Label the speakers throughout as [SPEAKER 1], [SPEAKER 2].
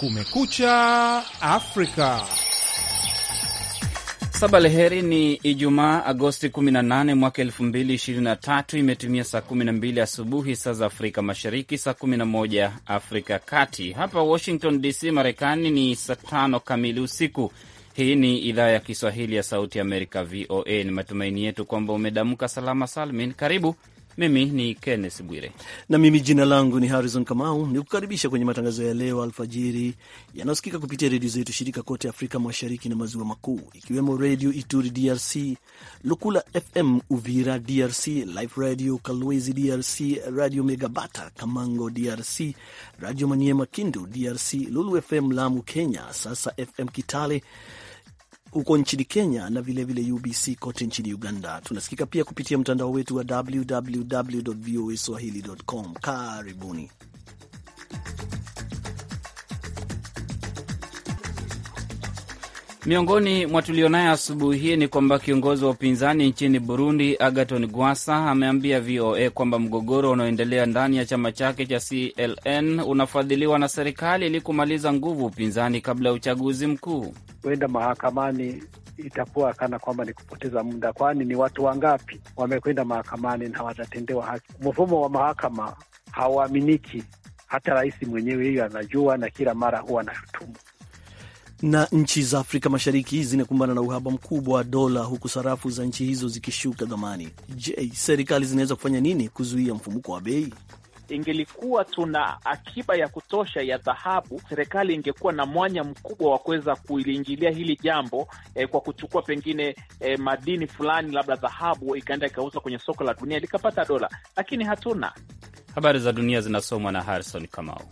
[SPEAKER 1] Kumekucha Afrika. Saba leheri ni Ijumaa, Agosti 18 mwaka 2023. Imetumia saa 12 asubuhi saa za Afrika Mashariki, saa 11 Afrika Kati. Hapa Washington DC, Marekani ni saa tano kamili usiku. Hii ni idhaa ya Kiswahili ya Sauti ya Amerika, VOA. Ni matumaini yetu kwamba umedamka salama salmin. Karibu mimi ni Kenneth Bwire
[SPEAKER 2] na mimi jina langu ni Harrison Kamau, ni kukaribisha kwenye matangazo ya leo alfajiri yanayosikika kupitia redio zetu shirika kote Afrika Mashariki na Maziwa Makuu, ikiwemo Redio Ituri DRC, Lukula FM Uvira DRC, Life Radio Kalwezi DRC, Radio Megabata Kamango DRC, Radio Maniema Kindu DRC, Lulu FM Lamu Kenya, Sasa FM Kitale huko nchini Kenya na vilevile vile UBC kote nchini Uganda. Tunasikika pia kupitia mtandao wetu wa www voa swahili.com. Karibuni.
[SPEAKER 1] Miongoni mwa tulionayo asubuhi hii ni kwamba kiongozi wa upinzani nchini Burundi, agaton Gwasa, ameambia VOA kwamba mgogoro unaoendelea ndani ya chama chake cha CLN unafadhiliwa na serikali ili kumaliza nguvu upinzani kabla ya uchaguzi mkuu.
[SPEAKER 3] Kwenda mahakamani itakuwa kana kwamba ni kupoteza muda, kwani ni watu wangapi wamekwenda mahakamani na watatendewa haki? Mfumo wa mahakama hauaminiki, hata rais mwenyewe hiyo anajua, na kila mara huwa anashutumu
[SPEAKER 2] na nchi za Afrika Mashariki zinakumbana na uhaba mkubwa wa dola, huku sarafu za nchi hizo zikishuka dhamani. Je, serikali zinaweza kufanya nini kuzuia mfumuko wa bei?
[SPEAKER 4] Ingelikuwa tuna akiba ya kutosha ya dhahabu, serikali ingekuwa na mwanya mkubwa wa kuweza kuliingilia hili jambo eh, kwa kuchukua pengine eh, madini fulani, labda dhahabu, ikaenda ikauzwa kwenye soko la dunia likapata dola, lakini hatuna.
[SPEAKER 1] Habari za dunia zinasomwa na Harrison Kamau.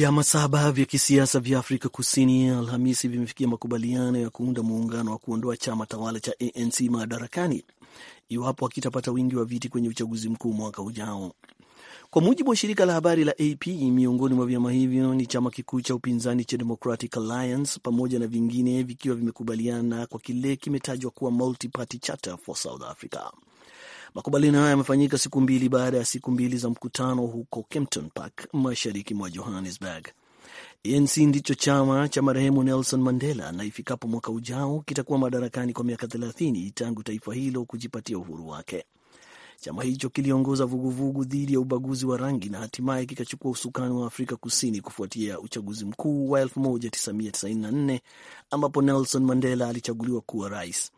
[SPEAKER 2] Vyama saba vya kisiasa vya Afrika Kusini Alhamisi vimefikia makubaliano ya kuunda muungano wa kuondoa chama tawala cha ANC madarakani iwapo akitapata wingi wa viti kwenye uchaguzi mkuu mwaka ujao. Kwa mujibu wa shirika la habari la AP, miongoni mwa vyama hivyo ni chama kikuu cha upinzani cha Democratic Alliance pamoja na vingine vikiwa vimekubaliana kwa kile kimetajwa kuwa multi-party charter for South Africa. Makubaliano haya yamefanyika siku mbili baada ya siku mbili za mkutano huko Kempton Park, mashariki mwa Johannesburg. ANC ndicho chama cha marehemu Nelson Mandela na ifikapo mwaka ujao kitakuwa madarakani kwa miaka thelathini tangu taifa hilo kujipatia uhuru wake. Chama hicho kiliongoza vuguvugu dhidi ya ubaguzi wa rangi na hatimaye kikachukua usukani wa Afrika Kusini kufuatia uchaguzi mkuu wa 1994 ambapo Nelson Mandela alichaguliwa kuwa rais.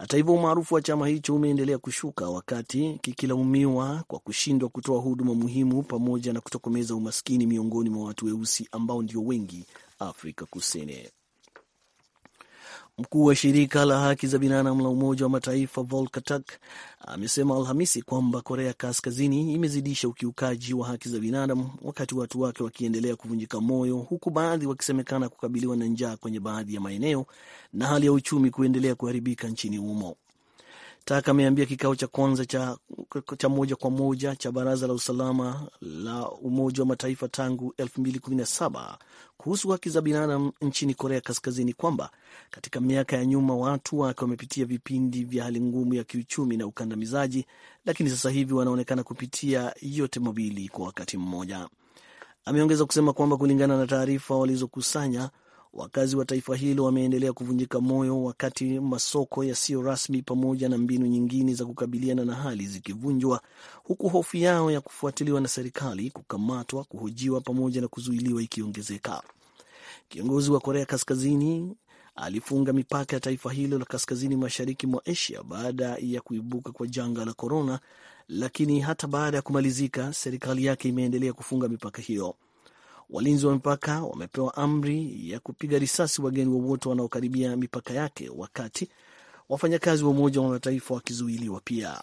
[SPEAKER 2] Hata hivyo, umaarufu wa chama hicho umeendelea kushuka wakati kikilaumiwa kwa kushindwa kutoa huduma muhimu pamoja na kutokomeza umaskini miongoni mwa watu weusi ambao ndio wengi Afrika Kusini. Mkuu wa shirika la haki za binadamu la Umoja wa Mataifa Volker Turk amesema Alhamisi kwamba Korea Kaskazini imezidisha ukiukaji wa haki za binadamu wakati watu wake wakiendelea kuvunjika moyo, huku baadhi wakisemekana kukabiliwa na njaa kwenye baadhi ya maeneo na hali ya uchumi kuendelea kuharibika nchini humo. Tak ameambia kikao cha kwanza cha, cha moja kwa moja cha Baraza la Usalama la Umoja wa Mataifa tangu 2017 kuhusu haki za binadamu nchini Korea Kaskazini kwamba katika miaka ya nyuma watu wake wamepitia vipindi vya hali ngumu ya kiuchumi na ukandamizaji, lakini sasa hivi wanaonekana kupitia yote mawili kwa wakati mmoja. Ameongeza kusema kwamba kulingana na taarifa walizokusanya Wakazi wa taifa hilo wameendelea kuvunjika moyo wakati masoko yasiyo rasmi pamoja na mbinu nyingine za kukabiliana na hali zikivunjwa, huku hofu yao ya kufuatiliwa na serikali, kukamatwa, kuhojiwa pamoja na kuzuiliwa ikiongezeka. Kiongozi wa Korea Kaskazini alifunga mipaka ya taifa hilo la kaskazini mashariki mwa Asia baada ya kuibuka kwa janga la korona, lakini hata baada ya kumalizika, serikali yake imeendelea kufunga mipaka hiyo. Walinzi wa mipaka wamepewa amri ya kupiga risasi wageni wowote wa wanaokaribia mipaka yake, wakati wafanyakazi wa Umoja wa Mataifa wakizuiliwa pia.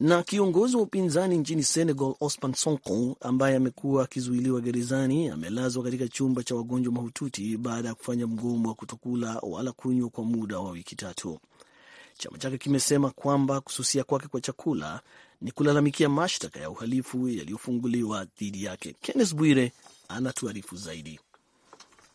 [SPEAKER 2] Na kiongozi wa upinzani nchini Senegal, Osman Sonko, ambaye amekuwa akizuiliwa gerezani, amelazwa katika chumba cha wagonjwa mahututi baada ya kufanya mgomo wa kutokula wala kunywa kwa muda wa wiki tatu. Chama chake kimesema kwamba kususia kwake kwa chakula ni kulalamikia mashtaka ya uhalifu yaliyofunguliwa dhidi yake. Kennes Bwire anatuarifu zaidi.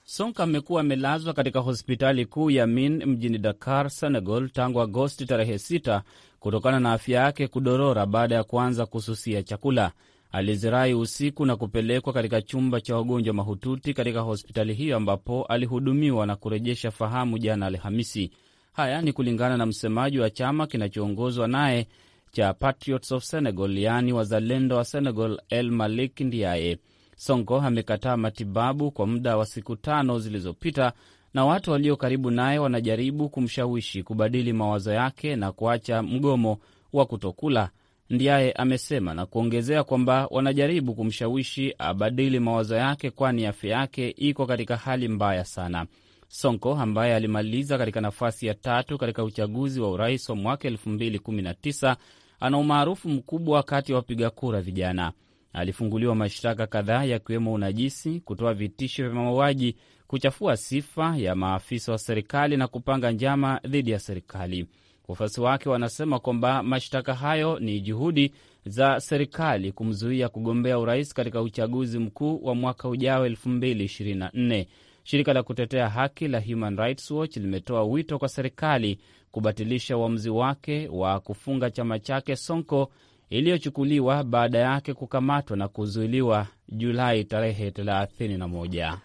[SPEAKER 1] Sonka amekuwa amelazwa katika hospitali kuu ya Min mjini Dakar, Senegal tangu Agosti tarehe 6 kutokana na afya yake kudorora baada ya kuanza kususia chakula. Alizirai usiku na kupelekwa katika chumba cha wagonjwa mahututi katika hospitali hiyo ambapo alihudumiwa na kurejesha fahamu jana Alhamisi. Haya ni kulingana na msemaji wa chama kinachoongozwa naye cha Patriots of Senegal, yaani wazalendo wa Senegal, El Malik Ndiaye. Sonko amekataa matibabu kwa muda wa siku tano zilizopita, na watu walio karibu naye wanajaribu kumshawishi kubadili mawazo yake na kuacha mgomo wa kutokula, Ndiaye amesema na kuongezea kwamba wanajaribu kumshawishi abadili mawazo yake, kwani afya yake iko katika hali mbaya sana. Sonko ambaye alimaliza katika nafasi ya tatu katika uchaguzi wa urais wa mwaka 2019 ana umaarufu mkubwa kati ya wapiga kura vijana. Alifunguliwa mashtaka kadhaa yakiwemo unajisi, kutoa vitisho vya mauaji, kuchafua sifa ya maafisa wa serikali na kupanga njama dhidi ya serikali. Wafuasi wake wanasema kwamba mashtaka hayo ni juhudi za serikali kumzuia kugombea urais katika uchaguzi mkuu wa mwaka ujao 2024. Shirika la kutetea haki la Human Rights Watch limetoa wito kwa serikali kubatilisha uamuzi wake wa kufunga chama chake Sonko iliyochukuliwa baada yake kukamatwa na kuzuiliwa Julai tarehe 31.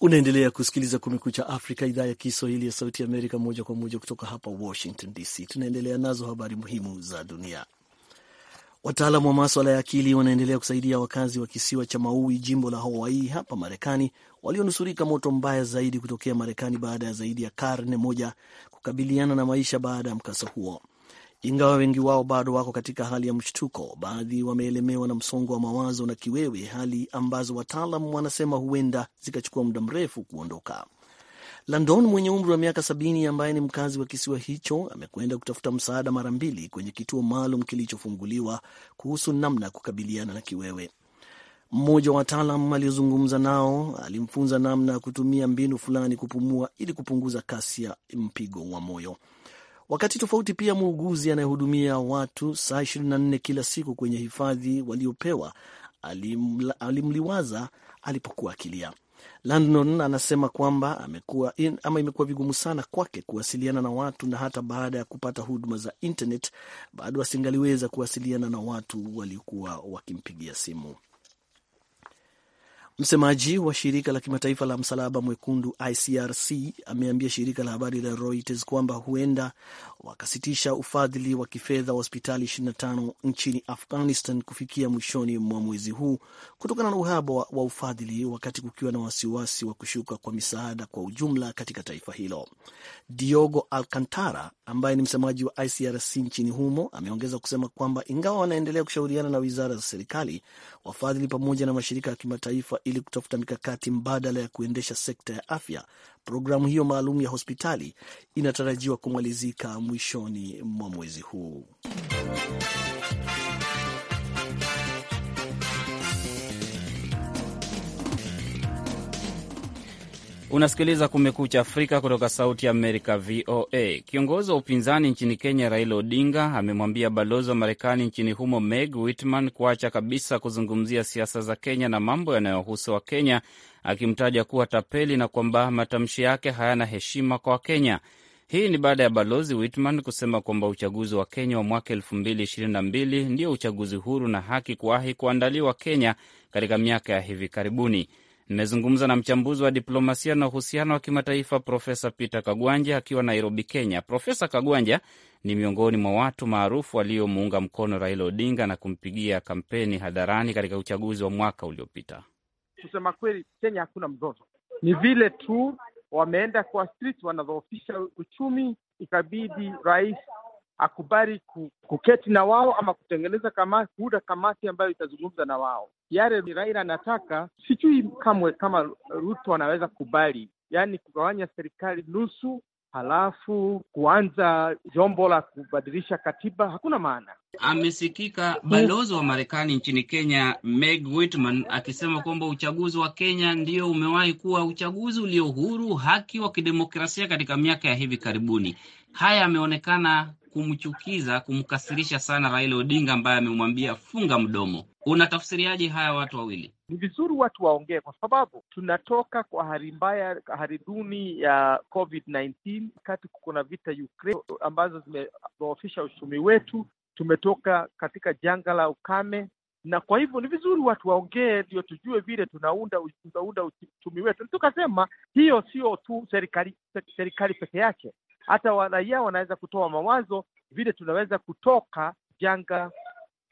[SPEAKER 2] Unaendelea kusikiliza Kumekucha Afrika, idhaa ya Kiswahili ya Sauti ya Amerika, moja kwa moja kutoka hapa Washington DC. Tunaendelea nazo habari muhimu za dunia. Wataalamu wa maswala ya akili wanaendelea kusaidia wakazi wa kisiwa cha Maui, jimbo la Hawaii hapa Marekani, walionusurika moto mbaya zaidi kutokea Marekani baada ya zaidi ya karne moja kukabiliana na maisha baada ya mkasa huo. Ingawa wengi wao bado wako katika hali ya mshtuko, baadhi wameelemewa na msongo wa mawazo na kiwewe, hali ambazo wataalam wanasema huenda zikachukua muda mrefu kuondoka. Landon mwenye umri wa miaka sabini ambaye ni mkazi wa kisiwa hicho amekwenda kutafuta msaada mara mbili kwenye kituo maalum kilichofunguliwa kuhusu namna ya kukabiliana na kiwewe. Mmoja wa wataalam aliyozungumza nao alimfunza namna ya kutumia mbinu fulani kupumua ili kupunguza kasi ya mpigo wa moyo. Wakati tofauti pia, muuguzi anayehudumia watu saa 24 kila siku kwenye hifadhi waliopewa alimla, alimliwaza alipokuwa akilia. Landon anasema kwamba amekuwa ama imekuwa vigumu sana kwake kuwasiliana na watu na hata baada ya kupata huduma za internet bado asingaliweza kuwasiliana na watu waliokuwa wakimpigia simu. Msemaji wa shirika la kimataifa la msalaba mwekundu ICRC ameambia shirika la habari la Reuters kwamba huenda wakasitisha ufadhili wa kifedha wa hospitali 25 nchini Afghanistan kufikia mwishoni mwa mwezi huu kutokana na uhaba wa ufadhili, wakati kukiwa na wasiwasi wa kushuka kwa misaada kwa ujumla katika taifa hilo. Diogo Alcantara ambaye ni msemaji wa ICRC nchini humo ameongeza kusema kwamba ingawa wanaendelea kushauriana na wizara za serikali, wafadhili pamoja na mashirika ya kimataifa ili kutafuta mikakati mbadala ya kuendesha sekta ya afya. Programu hiyo maalum ya hospitali inatarajiwa kumalizika mwishoni mwa mwezi huu.
[SPEAKER 1] Unasikiliza Kumekucha Afrika kutoka Sauti ya Amerika, VOA. Kiongozi wa upinzani nchini Kenya Raila Odinga amemwambia balozi wa Marekani nchini humo Meg Whitman kuacha kabisa kuzungumzia siasa za Kenya na mambo yanayohusu Wakenya, akimtaja kuwa tapeli na kwamba matamshi yake hayana heshima kwa Wakenya. Hii ni baada ya balozi Whitman kusema kwamba uchaguzi wa Kenya wa mwaka 2022 ndio uchaguzi huru na haki kuwahi kuandaliwa Kenya katika miaka ya hivi karibuni. Nimezungumza na mchambuzi wa diplomasia na uhusiano wa kimataifa Profesa Peter Kagwanja akiwa Nairobi, Kenya. Profesa Kagwanja ni miongoni mwa watu maarufu waliomuunga mkono Raila Odinga na kumpigia kampeni hadharani katika uchaguzi wa mwaka uliopita.
[SPEAKER 5] Kusema kweli, Kenya hakuna mzozo, ni vile tu wameenda kwa street, wanadhoofisha uchumi, ikabidi rais akubali kuketi na wao ama kutengeneza kama, kuunda kamati ambayo itazungumza na wao yale Raila anataka, sijui kamwe kama Ruto anaweza kubali, yaani kugawanya serikali nusu halafu kuanza jombo la kubadilisha katiba hakuna maana.
[SPEAKER 1] Amesikika balozi wa Marekani nchini Kenya Meg Whitman akisema kwamba uchaguzi wa Kenya ndio umewahi kuwa uchaguzi ulio huru, haki wa kidemokrasia katika miaka ya hivi karibuni. Haya yameonekana kumchukiza, kumkasirisha sana Raila Odinga ambaye amemwambia funga mdomo. Unatafsiriaje haya watu wawili?
[SPEAKER 5] Ni vizuri watu waongee, kwa sababu tunatoka kwa hali mbaya, hali duni ya COVID-19, wakati kuko na vita Ukraine ambazo zimedhoofisha uchumi wetu. Tumetoka katika janga la ukame na kwa hivyo ni vizuri watu waongee, ndio tujue vile tunaunda tunaunda uchumi wetu. Tukasema hiyo sio tu serikali serikali peke yake, hata waraia wanaweza kutoa mawazo vile tunaweza kutoka janga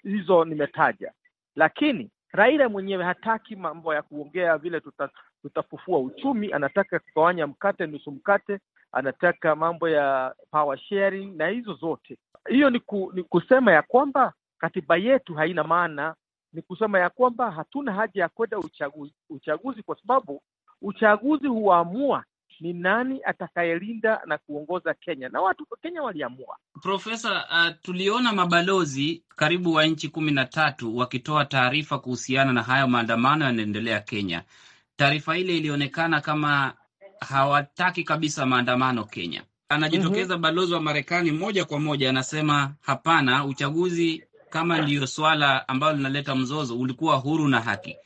[SPEAKER 5] hizo nimetaja, lakini Raila mwenyewe hataki mambo ya kuongea vile tuta, tutafufua uchumi. Anataka kugawanya mkate nusu mkate, anataka mambo ya power sharing na hizo zote. Hiyo ni, ku, ni kusema ya kwamba katiba yetu haina maana, ni kusema ya kwamba hatuna haja ya kwenda uchaguzi, uchaguzi kwa sababu uchaguzi huamua ni nani atakayelinda na kuongoza Kenya, na watu wa Kenya waliamua.
[SPEAKER 1] Profesa, uh, tuliona mabalozi karibu wa nchi kumi na tatu wakitoa taarifa kuhusiana na hayo maandamano yanaendelea Kenya. Taarifa ile ilionekana kama hawataki kabisa maandamano Kenya. Anajitokeza mhm. balozi wa Marekani moja kwa moja anasema, hapana, uchaguzi kama ndiyo swala ambalo linaleta mzozo, ulikuwa huru na haki.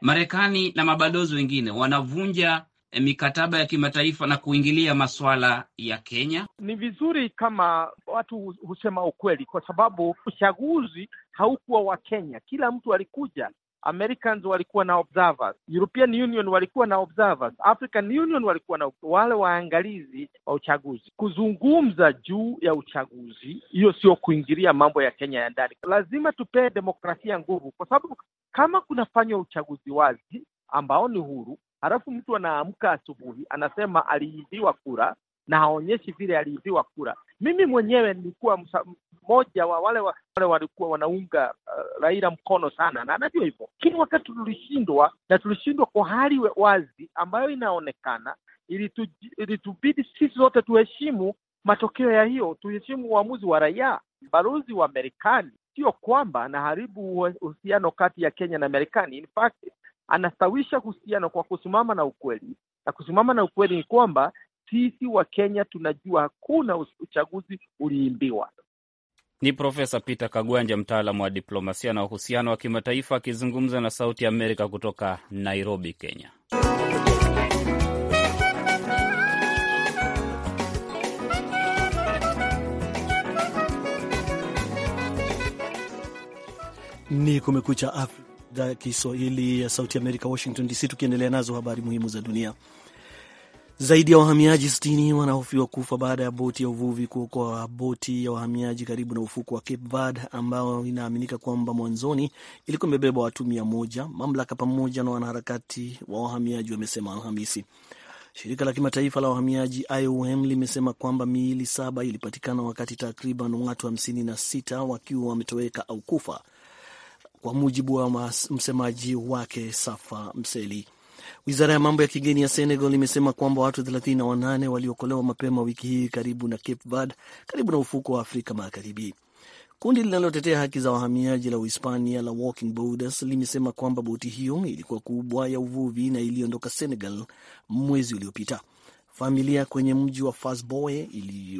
[SPEAKER 1] Marekani na mabalozi wengine wanavunja Eh, mikataba ya kimataifa na kuingilia masuala ya Kenya?
[SPEAKER 5] Ni vizuri kama watu husema ukweli, kwa sababu uchaguzi haukuwa wa Kenya. Kila mtu alikuja Americans walikuwa na observers, European Union walikuwa na observers, African Union walikuwa na wale waangalizi wa uchaguzi. Kuzungumza juu ya uchaguzi, hiyo sio kuingilia mambo ya Kenya ya ndani. Lazima tupee demokrasia nguvu, kwa sababu kama kunafanywa uchaguzi wazi ambao ni huru, Halafu mtu anaamka asubuhi anasema aliibiwa kura na haonyeshi vile aliibiwa kura. Mimi mwenyewe nilikuwa mmoja wa wale, wa, wale walikuwa wanaunga uh, Raila mkono sana na anajua hivyo, lakini wakati tulishindwa na tulishindwa kwa hali wazi ambayo inaonekana, ilitubidi sisi zote tuheshimu matokeo ya hiyo, tuheshimu uamuzi wa raia. Balozi wa Marekani sio kwamba anaharibu uhusiano kati ya Kenya na Marekani. In fact anastawisha uhusiano kwa kusimama na ukweli, na kusimama na ukweli ni kwamba sisi wa Kenya tunajua hakuna uchaguzi uliimbiwa.
[SPEAKER 1] Ni Profesa Peter Kagwanja, mtaalamu wa diplomasia na uhusiano wa kimataifa, akizungumza na Sauti ya Amerika kutoka Nairobi, Kenya.
[SPEAKER 2] Ni Kumekucha Afrika idhaa ya Kiswahili ya Sauti Amerika, Washington DC, tukiendelea nazo habari muhimu za dunia. Zaidi ya wahamiaji 60 wanahofiwa kufa baada ya boti ya uvuvi kuokoa boti ya wahamiaji karibu na ufuko wa Cape Verde ambao inaaminika kwamba mwanzoni ilikuwa imebeba watu mia moja. Mamlaka pamoja na wanaharakati wa wahamiaji wamesema Alhamisi. Shirika la kimataifa la wahamiaji IOM limesema kwamba miili saba ilipatikana wakati takriban watu 56 wakiwa wametoweka au kufa kwa mujibu wa msemaji wake Safa Mseli. Wizara ya mambo ya kigeni ya Senegal imesema kwamba watu 38 waliokolewa mapema wiki hii karibu na Cape Verde, karibu na ufuko wa Afrika Magharibi. Kundi linalotetea haki za wahamiaji la Uhispania la Walking Borders limesema kwamba boti hiyo ilikuwa kubwa ya uvuvi na iliondoka Senegal mwezi uliopita. Familia kwenye mji wa Fasboe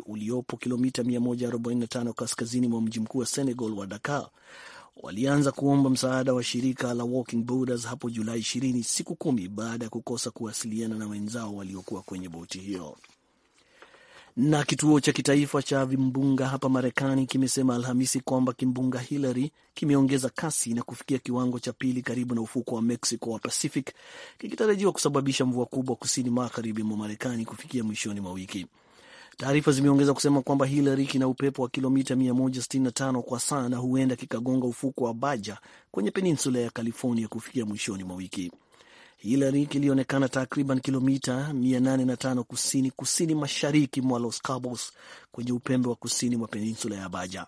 [SPEAKER 2] uliopo kilomita 145 kaskazini mwa mji mkuu wa Senegal wa Dakar walianza kuomba msaada wa shirika la Walking Borders hapo Julai 20, siku kumi baada ya kukosa kuwasiliana na wenzao waliokuwa kwenye boti hiyo. Na kituo cha kitaifa cha vimbunga hapa Marekani kimesema Alhamisi kwamba kimbunga Hillary kimeongeza kasi na kufikia kiwango cha pili karibu na ufuko wa Mexico wa Pacific, kikitarajiwa kusababisha mvua kubwa kusini magharibi mwa Marekani kufikia mwishoni mwa wiki. Taarifa zimeongeza kusema kwamba Hilary kina upepo wa kilomita 165 kwa saa na huenda kikagonga ufuko wa Baja kwenye peninsula ya California kufikia mwishoni mwa wiki. Hilary kilionekana takriban kilomita 805 kusini kusini mashariki mwa Los Cabos kwenye upembe wa kusini mwa peninsula ya Baja.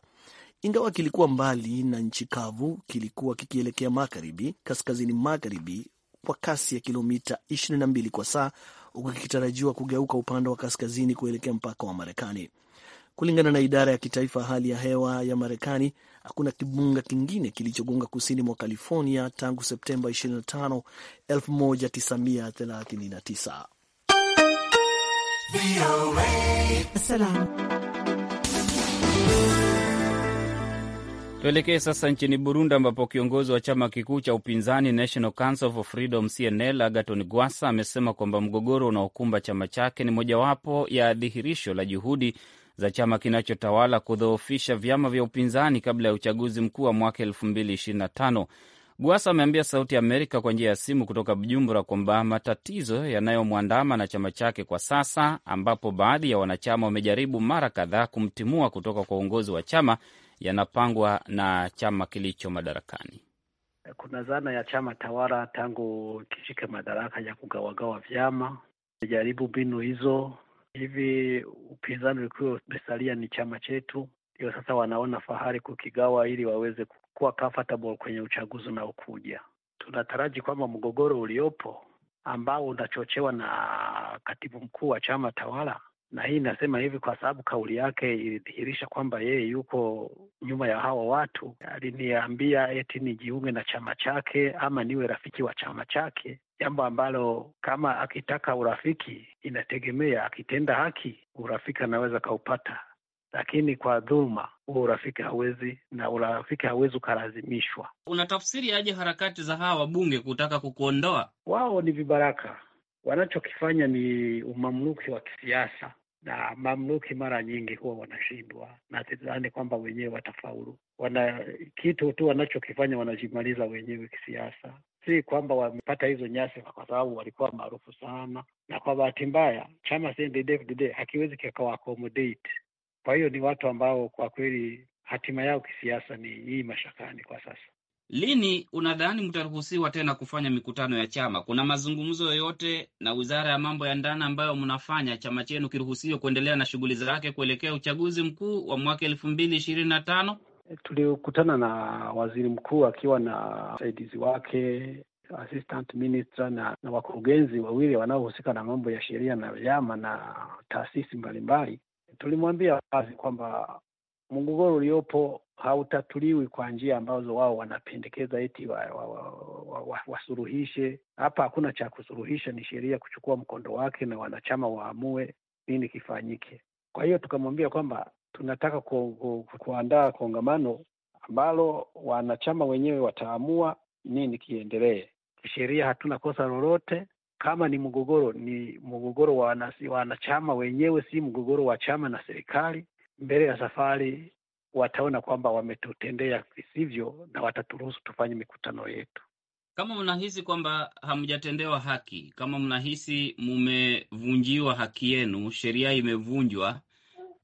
[SPEAKER 2] Ingawa kilikuwa mbali na nchi kavu, kilikuwa kikielekea magharibi, kaskazini magharibi kwa kasi ya kilomita 22 kwa saa huku kikitarajiwa kugeuka upande wa kaskazini kuelekea mpaka wa Marekani. Kulingana na idara ya kitaifa hali ya hewa ya Marekani, hakuna kimbunga kingine kilichogonga kusini mwa California tangu Septemba 25, 1939. Salam. Tuelekee
[SPEAKER 1] sasa nchini Burundi, ambapo kiongozi wa chama kikuu cha upinzani National Council for Freedom CNL Agaton Gwasa amesema kwamba mgogoro unaokumba chama chake ni mojawapo ya dhihirisho la juhudi za chama kinachotawala kudhoofisha vyama vya upinzani kabla ya uchaguzi mkuu wa mwaka 2025. Gwasa ameambia Sauti ya Amerika kwa njia ya simu kutoka Bujumbura kwamba matatizo yanayomwandama na chama chake kwa sasa, ambapo baadhi ya wanachama wamejaribu mara kadhaa kumtimua kutoka kwa uongozi wa chama yanapangwa na chama kilicho madarakani?
[SPEAKER 3] Kuna zana ya chama tawala tangu kishike madaraka ya kugawagawa vyama. Jaribu mbinu hizo hivi, upinzani ulikuwa umesalia ni chama chetu, ndio sasa wanaona fahari kukigawa ili waweze kuwa comfortable kwenye uchaguzi unaokuja. Tunataraji kwamba mgogoro uliopo ambao unachochewa na katibu mkuu wa chama tawala na hii nasema hivi kwa sababu kauli yake ilidhihirisha kwamba yeye yuko nyuma ya hawa watu. Aliniambia eti nijiunge na chama chake ama niwe rafiki wa chama chake, jambo ambalo kama akitaka urafiki, inategemea akitenda haki, urafiki anaweza kaupata, lakini kwa dhuluma huo urafiki hawezi, na urafiki hawezi ukalazimishwa.
[SPEAKER 1] Unatafsiri aje harakati za hawa wabunge kutaka kukuondoa?
[SPEAKER 3] Wao ni vibaraka Wanachokifanya ni umamluki wa kisiasa, na mamluki mara nyingi huwa wanashindwa, na sidhani kwamba wenyewe watafaulu. Wana kitu tu wanachokifanya, wanajimaliza wenyewe kisiasa. Si kwamba wamepata hizo nyasi kwa sababu walikuwa maarufu sana, na kwa bahati mbaya chama CNDD-FDD hakiwezi kikawaaccommodate. Kwa hiyo ni watu ambao kwa kweli hatima yao kisiasa ni hii mashakani kwa sasa.
[SPEAKER 1] Lini unadhani mtaruhusiwa tena kufanya mikutano ya chama? Kuna mazungumzo yoyote na wizara ya mambo ya ndani ambayo mnafanya chama chenu kiruhusiwe kuendelea na shughuli zake kuelekea uchaguzi mkuu wa mwaka elfu mbili ishirini na tano?
[SPEAKER 3] Eh, Tulikutana na waziri mkuu akiwa na msaidizi wake assistant minister na, na wakurugenzi wawili wanaohusika na mambo ya sheria na vyama na taasisi mbalimbali. Tulimwambia wazi kwamba mgogoro uliopo hautatuliwi kwa njia ambazo wao wanapendekeza eti wasuluhishe wa, wa, wa, wa hapa. Hakuna cha kusuluhisha, ni sheria kuchukua mkondo wake na wanachama waamue nini kifanyike. Kwa hiyo tukamwambia kwamba tunataka ku, ku, ku, kuandaa kongamano ambalo wanachama wenyewe wataamua nini kiendelee. Kisheria hatuna kosa lolote. Kama ni mgogoro, ni mgogoro wa wanachama wenyewe, si mgogoro wa chama na serikali. Mbele ya safari wataona kwamba wametutendea visivyo na wataturuhusu tufanye mikutano yetu.
[SPEAKER 1] Kama mnahisi kwamba hamjatendewa haki, kama mnahisi mmevunjiwa haki yenu, sheria imevunjwa,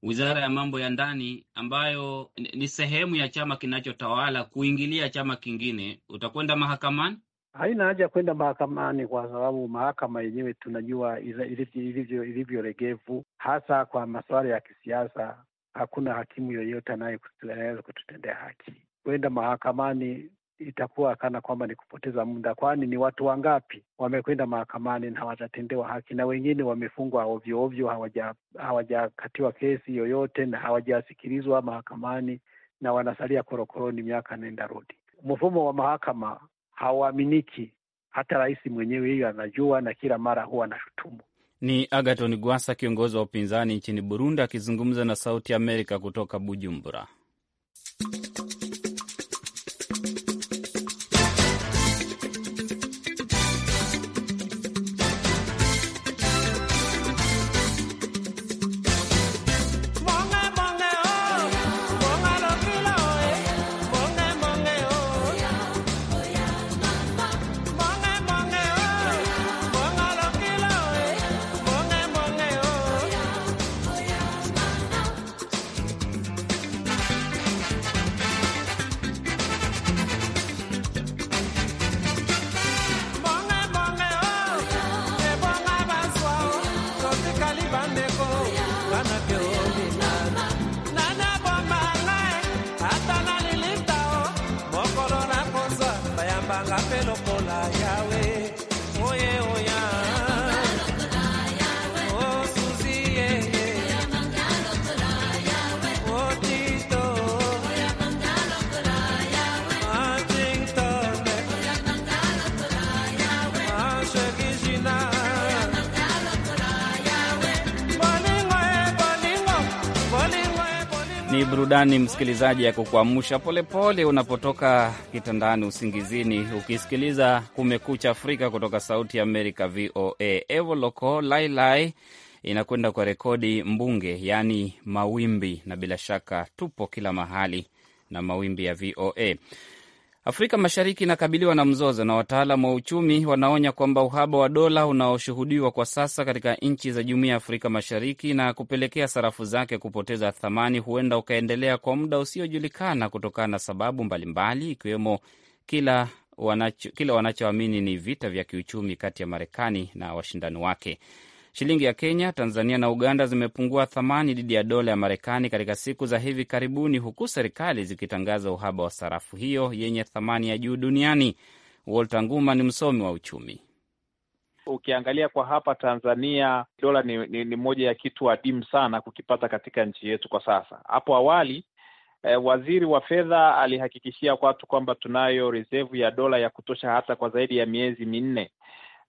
[SPEAKER 1] wizara ya mambo ya ndani ambayo ni sehemu ya chama kinachotawala kuingilia chama kingine, utakwenda mahakamani?
[SPEAKER 3] Haina haja ya kwenda mahakamani kwa sababu mahakama yenyewe tunajua ilivyo hasa kwa masuala ya kisiasa hakuna hakimu yoyote anayeweza kututendea haki. Kwenda mahakamani itakuwa kana kwamba ni kupoteza muda, kwani ni watu wangapi wamekwenda mahakamani na hawajatendewa haki, na wengine wamefungwa ovyoovyo, hawajakatiwa kesi yoyote na hawajasikilizwa mahakamani na wanasalia korokoroni miaka nenda rudi. Mfumo wa mahakama hauaminiki, hata rais mwenyewe hiyo anajua, na kila mara huwa anashutumu.
[SPEAKER 1] Ni Agaton Gwasa, kiongozi wa upinzani nchini Burundi, akizungumza na Sauti Amerika kutoka Bujumbura. ni burudani msikilizaji, ya kukuamsha polepole unapotoka kitandani usingizini, ukisikiliza Kumekucha Afrika kutoka Sauti Amerika, VOA. evoloco Lailai inakwenda kwa rekodi mbunge, yaani mawimbi, na bila shaka tupo kila mahali na mawimbi ya VOA. Afrika Mashariki inakabiliwa na mzozo na wataalam wa uchumi wanaonya kwamba uhaba wa dola unaoshuhudiwa kwa sasa katika nchi za Jumuiya ya Afrika Mashariki na kupelekea sarafu zake kupoteza thamani huenda ukaendelea kwa muda usiojulikana kutokana na sababu mbalimbali ikiwemo kila wanachoamini wanacho ni vita vya kiuchumi kati ya Marekani na washindani wake. Shilingi ya Kenya, Tanzania na Uganda zimepungua thamani dhidi ya dola ya Marekani katika siku za hivi karibuni, huku serikali zikitangaza uhaba wa sarafu hiyo yenye thamani ya juu duniani. Walter Nguma ni msomi wa uchumi.
[SPEAKER 4] Ukiangalia kwa hapa Tanzania dola ni, ni, ni moja ya kitu adimu sana kukipata katika nchi yetu kwa sasa. Hapo awali eh, waziri wa fedha alihakikishia watu kwamba tunayo reserve ya dola ya kutosha hata kwa zaidi ya miezi minne,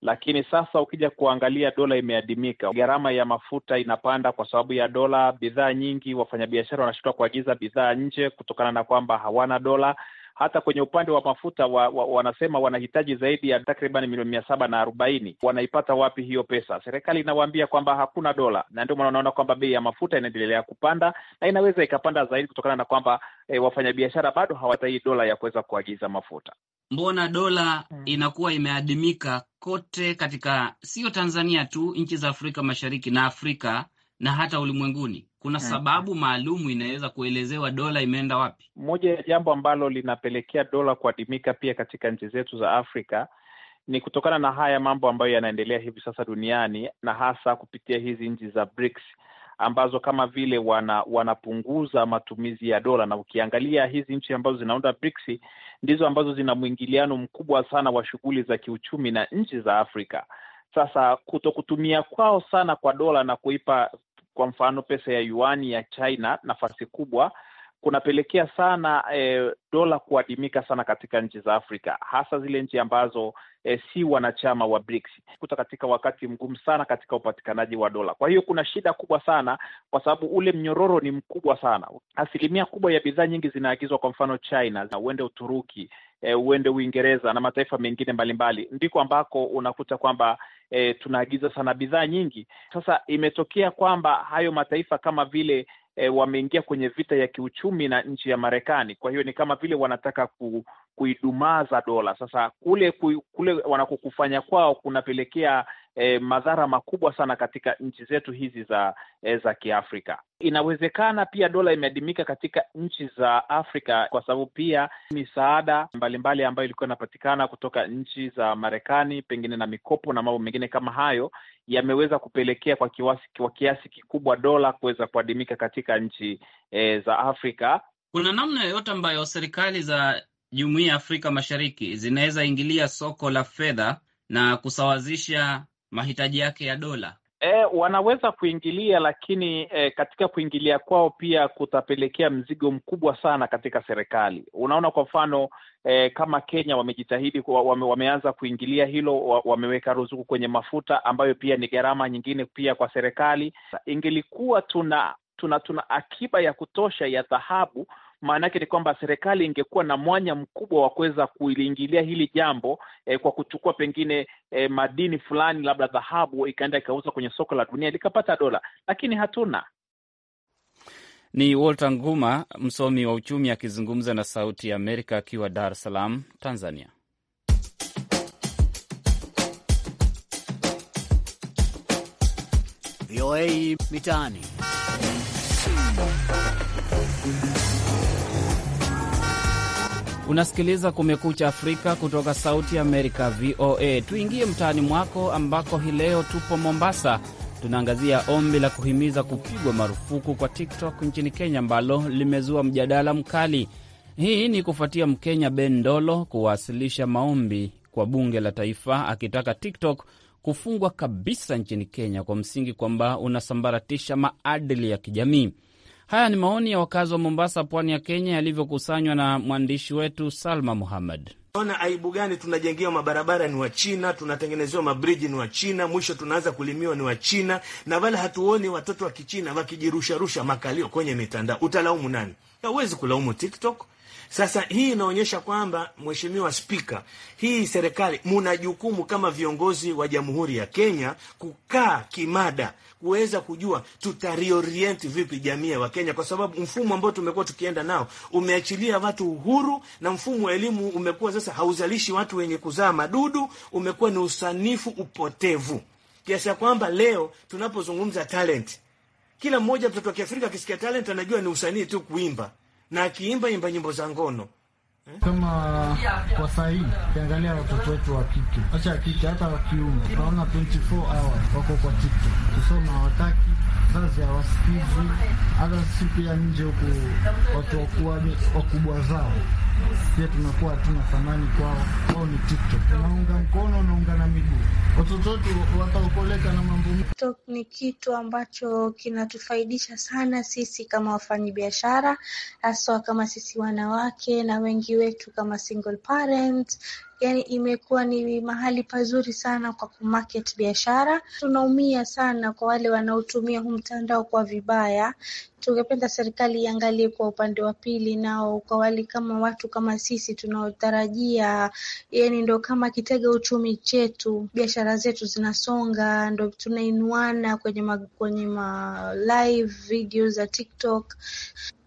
[SPEAKER 4] lakini sasa ukija kuangalia dola imeadimika, gharama ya mafuta inapanda kwa sababu ya dola. Bidhaa nyingi, wafanyabiashara wanashindwa kuagiza bidhaa nje kutokana na kwamba hawana dola. Hata kwenye upande wa mafuta wa, wa, wanasema wanahitaji zaidi ya takriban milioni mia saba na arobaini. Wanaipata wapi hiyo pesa? Serikali inawaambia kwamba hakuna dola, na ndio maana unaona kwamba bei ya mafuta inaendelea kupanda na inaweza ikapanda zaidi kutokana na kwamba e, wafanyabiashara bado hawata hii dola ya kuweza kuagiza mafuta.
[SPEAKER 1] Mbona dola hmm, inakuwa imeadimika kote katika, sio Tanzania tu, nchi za Afrika Mashariki na Afrika na hata ulimwenguni kuna mm. sababu maalumu inaweza kuelezewa dola imeenda wapi?
[SPEAKER 4] Moja ya jambo ambalo linapelekea dola kuadimika pia katika nchi zetu za Afrika ni kutokana na haya mambo ambayo yanaendelea hivi sasa duniani na hasa kupitia hizi nchi za BRICS ambazo kama vile wana, wanapunguza matumizi ya dola, na ukiangalia hizi nchi ambazo zinaunda BRICS ndizo ambazo zina mwingiliano mkubwa sana wa shughuli za kiuchumi na nchi za Afrika. Sasa kutokutumia kwao sana kwa dola na kuipa kwa mfano pesa ya yuani ya China nafasi kubwa kunapelekea sana e, dola kuadimika sana katika nchi za Afrika, hasa zile nchi ambazo e, si wanachama wa BRICS, kuta katika wakati mgumu sana katika upatikanaji wa dola. Kwa hiyo kuna shida kubwa sana, kwa sababu ule mnyororo ni mkubwa sana. Asilimia kubwa ya bidhaa nyingi zinaagizwa, kwa mfano China na uende Uturuki, eh, uende Uingereza na mataifa mengine mbalimbali, ndiko ambako unakuta kwamba e, tunaagiza sana bidhaa nyingi. Sasa imetokea kwamba hayo mataifa kama vile E, wameingia kwenye vita ya kiuchumi na nchi ya Marekani. Kwa hiyo ni kama vile wanataka ku, kuidumaza dola. Sasa kule kule wanakokufanya kwao kunapelekea eh, madhara makubwa sana katika nchi zetu hizi za eh, za Kiafrika. Inawezekana pia dola imeadimika katika nchi za Afrika kwa sababu pia misaada mbalimbali ambayo ilikuwa inapatikana kutoka nchi za Marekani, pengine na mikopo na mambo mengine kama hayo, yameweza kupelekea kwa kiwasi, kwa kiasi kikubwa dola kuweza kuadimika katika nchi eh, za Afrika.
[SPEAKER 1] Kuna namna yoyote ambayo serikali za Jumuiya ya Afrika Mashariki zinaweza ingilia soko la fedha na kusawazisha mahitaji yake ya dola?
[SPEAKER 4] E, wanaweza kuingilia lakini e, katika kuingilia kwao pia kutapelekea mzigo mkubwa sana katika serikali. Unaona, kwa mfano e, kama Kenya wamejitahidi wame, wameanza kuingilia hilo, wameweka ruzuku kwenye mafuta ambayo pia ni gharama nyingine pia kwa serikali. Ingelikuwa tuna tuna tuna akiba ya kutosha ya dhahabu maana yake ni kwamba serikali ingekuwa na mwanya mkubwa wa kuweza kuliingilia hili jambo eh, kwa kuchukua pengine eh, madini fulani labda dhahabu ikaenda ikauza kwenye soko la dunia likapata dola, lakini hatuna.
[SPEAKER 1] Ni Walter Nguma, msomi wa uchumi, akizungumza na Sauti ya Amerika akiwa Dar es Salaam, Tanzania.
[SPEAKER 3] VOA Mitaani.
[SPEAKER 1] Unasikiliza Kumekucha Afrika kutoka Sauti ya Amerika, VOA. Tuingie mtaani mwako, ambako hii leo tupo Mombasa. Tunaangazia ombi la kuhimiza kupigwa marufuku kwa TikTok nchini Kenya, ambalo limezua mjadala mkali. Hii ni kufuatia Mkenya Ben Ndolo kuwasilisha maombi kwa bunge la taifa akitaka TikTok kufungwa kabisa nchini Kenya kwa msingi kwamba unasambaratisha maadili ya kijamii. Haya ni maoni ya wakazi wa Mombasa, pwani ya Kenya, yalivyokusanywa na mwandishi wetu Salma Muhammad.
[SPEAKER 6] Ona aibu gani? Tunajengewa mabarabara ni Wachina, tunatengenezewa mabriji ni Wachina, mwisho tunaanza kulimiwa ni Wachina na wale hatuoni watoto wa Kichina wakijirusharusha makalio kwenye mitandao. Utalaumu nani? Hauwezi kulaumu TikTok, sasa hii inaonyesha kwamba, Mheshimiwa Spika, hii serikali muna jukumu kama viongozi wa Jamhuri ya Kenya kukaa kimada, kuweza kujua tutareorient vipi jamii ya Wakenya, kwa sababu mfumo ambao tumekuwa tukienda nao umeachilia watu uhuru, na mfumo wa elimu umekuwa sasa hauzalishi watu wenye kuzaa madudu, umekuwa ni usanifu upotevu kiasi ya kwamba leo tunapozungumza talent, kila mmoja mtoto wa Kiafrika akisikia talent anajua ni usanii tu kuimba na akiimba imba nyimbo za ngono
[SPEAKER 7] kama eh? kwa sahii ukiangalia watoto wetu wa kike, acha ya kike, hata wa kiume, unaona 24 hours wako kwa TikTok, kusoma hawataki, wazazi hawasikizi, hata siku ya nje huku watu wakubwa zao
[SPEAKER 1] pia tunakuwa hatuna thamani kwao. Kwao ni TikTok, unaunga mkono, unaunga na miguu,
[SPEAKER 7] watoto
[SPEAKER 2] wetu wataokoleka na mambo.
[SPEAKER 1] TikTok ni kitu ambacho kinatufaidisha sana sisi kama wafanyabiashara, haswa kama sisi wanawake na wengi wetu kama single parents yani imekuwa ni mahali pazuri sana kwa kumarket biashara. Tunaumia sana kwa wale wanaotumia huu mtandao kwa vibaya. Tungependa serikali iangalie kwa upande wa pili nao, kwa wale kama watu kama sisi tunaotarajia, yani ndo kama kitega uchumi chetu, biashara zetu zinasonga, ndo tunainuana kwenye ma, kwenye ma live video za TikTok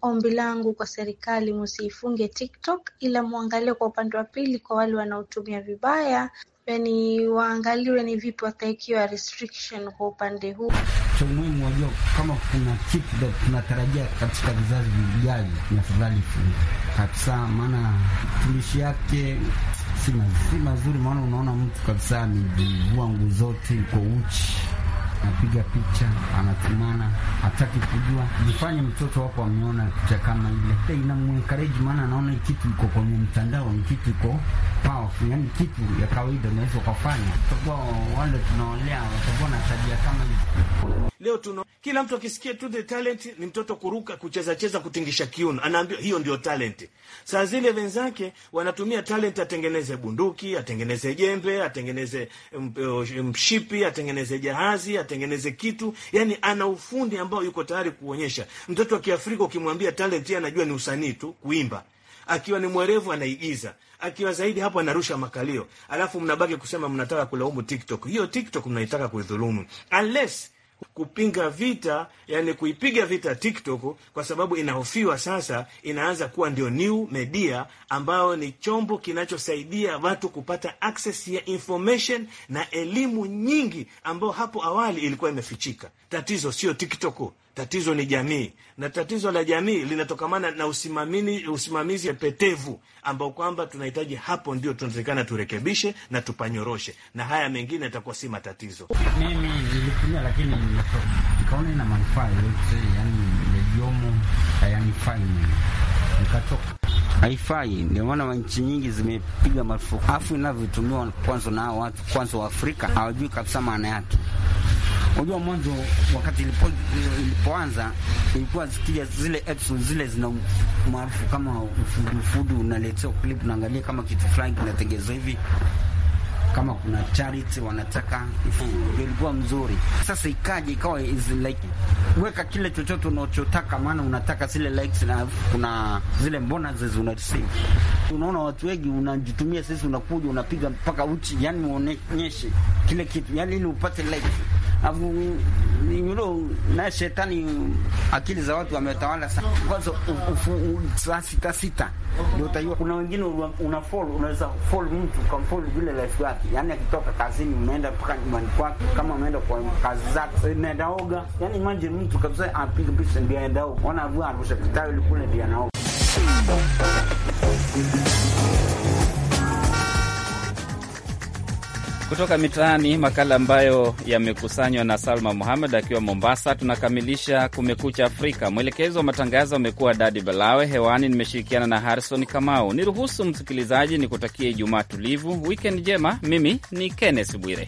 [SPEAKER 1] ombi langu kwa serikali musiifunge TikTok ila muangalie kwa upande wa pili, kwa wale wanaotumia vibaya, yani waangaliwe ni vipi wataikiwa restriction kwa upande huu.
[SPEAKER 7] Cha muhimu wajua, kama kuna kitu tunatarajia katika vizazi vijavyo, na afadhali kabisa, maana tumishi yake si mazuri, maana unaona mtu kabisa amejivua nguo zote, kwa uchi anapiga picha, anatumana, hataki kujua. Jifanye mtoto wako ameona picha kama ile, inamwencourage, maana anaona kitu iko kwenye mtandao, ni kitu iko powerful, yani kitu ya kawaida unaweza ukafanya. Tutakuwa wale tunaolea watakuwa na tabia kama hizo.
[SPEAKER 6] Leo tuna kila mtu akisikia tu the talent ni mtoto kuruka, kucheza cheza, kutingisha kiuno, anaambiwa hiyo ndio talent. Saa zile wenzake wanatumia talent, atengeneze bunduki, atengeneze jembe, atengeneze eh, mshipi, atengeneze jahazi, atengeneze kitu, yani ana ufundi ambao yuko tayari kuonyesha. Mtoto wa Kiafrika ukimwambia talent, yeye anajua ni usanii tu, kuimba akiwa ni mwerevu anaigiza, akiwa zaidi hapo anarusha makalio, alafu mnabaki kusema mnataka kulaumu TikTok. Hiyo TikTok mnaitaka kuidhulumu unless kupinga vita, yani kuipiga vita TikTok kwa sababu inahofiwa sasa inaanza kuwa ndio new media ambayo ni chombo kinachosaidia watu kupata access ya information na elimu nyingi ambayo hapo awali ilikuwa imefichika. Tatizo sio TikTok. Tatizo ni jamii, na tatizo la jamii linatokamana na usimamizi, usimamizi petevu ambao kwamba tunahitaji. Hapo ndio tunatakikana turekebishe na tupanyoroshe, na haya mengine yatakuwa si matatizo.
[SPEAKER 7] Mimi lakini nikaona ina manufaa yote, yani hayanifai, nikatoka haifai. Ndio maana wanchi nyingi zimepiga marufuku, afu inavyotumiwa kwanza na watu kwanza wa Afrika hawajui kabisa maana yake. Unajua, mwanzo wakati ilipo, ilipoanza ilikuwa zikija zile episode zile zina maarufu kama ufudufudu, unaletea clip, unaangalia kama kitu fulani kinatengezwa hivi kama kuna charity wanataka ilikuwa mzuri. Sasa ikaje ikawa is like weka kile chochote unachotaka, maana unataka zile likes na kuna zile bonuses una receive. Unaona watu wengi unajitumia sisi, unakuja unapiga mpaka uchi, yani uonyeshe kile kitu, yani ili upate like afu yule na shetani, akili za watu wametawala sana. Kwanza saa sita sita ndio utajua. Kuna wengine una follow, unaweza follow mtu kama follow vile life yake, yani akitoka kazini, unaenda mpaka nyumbani kwake, kama unaenda kwa kazi zake, unaenda eh, oga, yani imagine mtu kabisa apiga picha ndio aenda oga, ona avua arusha kitabu kule ndio anaoga
[SPEAKER 1] kutoka mitaani, makala ambayo yamekusanywa na Salma Muhamed akiwa Mombasa. Tunakamilisha Kumekucha Afrika. Mwelekezi wa matangazo amekuwa Dadi Balawe. Hewani nimeshirikiana na Harrison Kamau. Niruhusu msikilizaji, ni kutakia Ijumaa tulivu, wikend njema. Mimi ni Kenneth Bwire.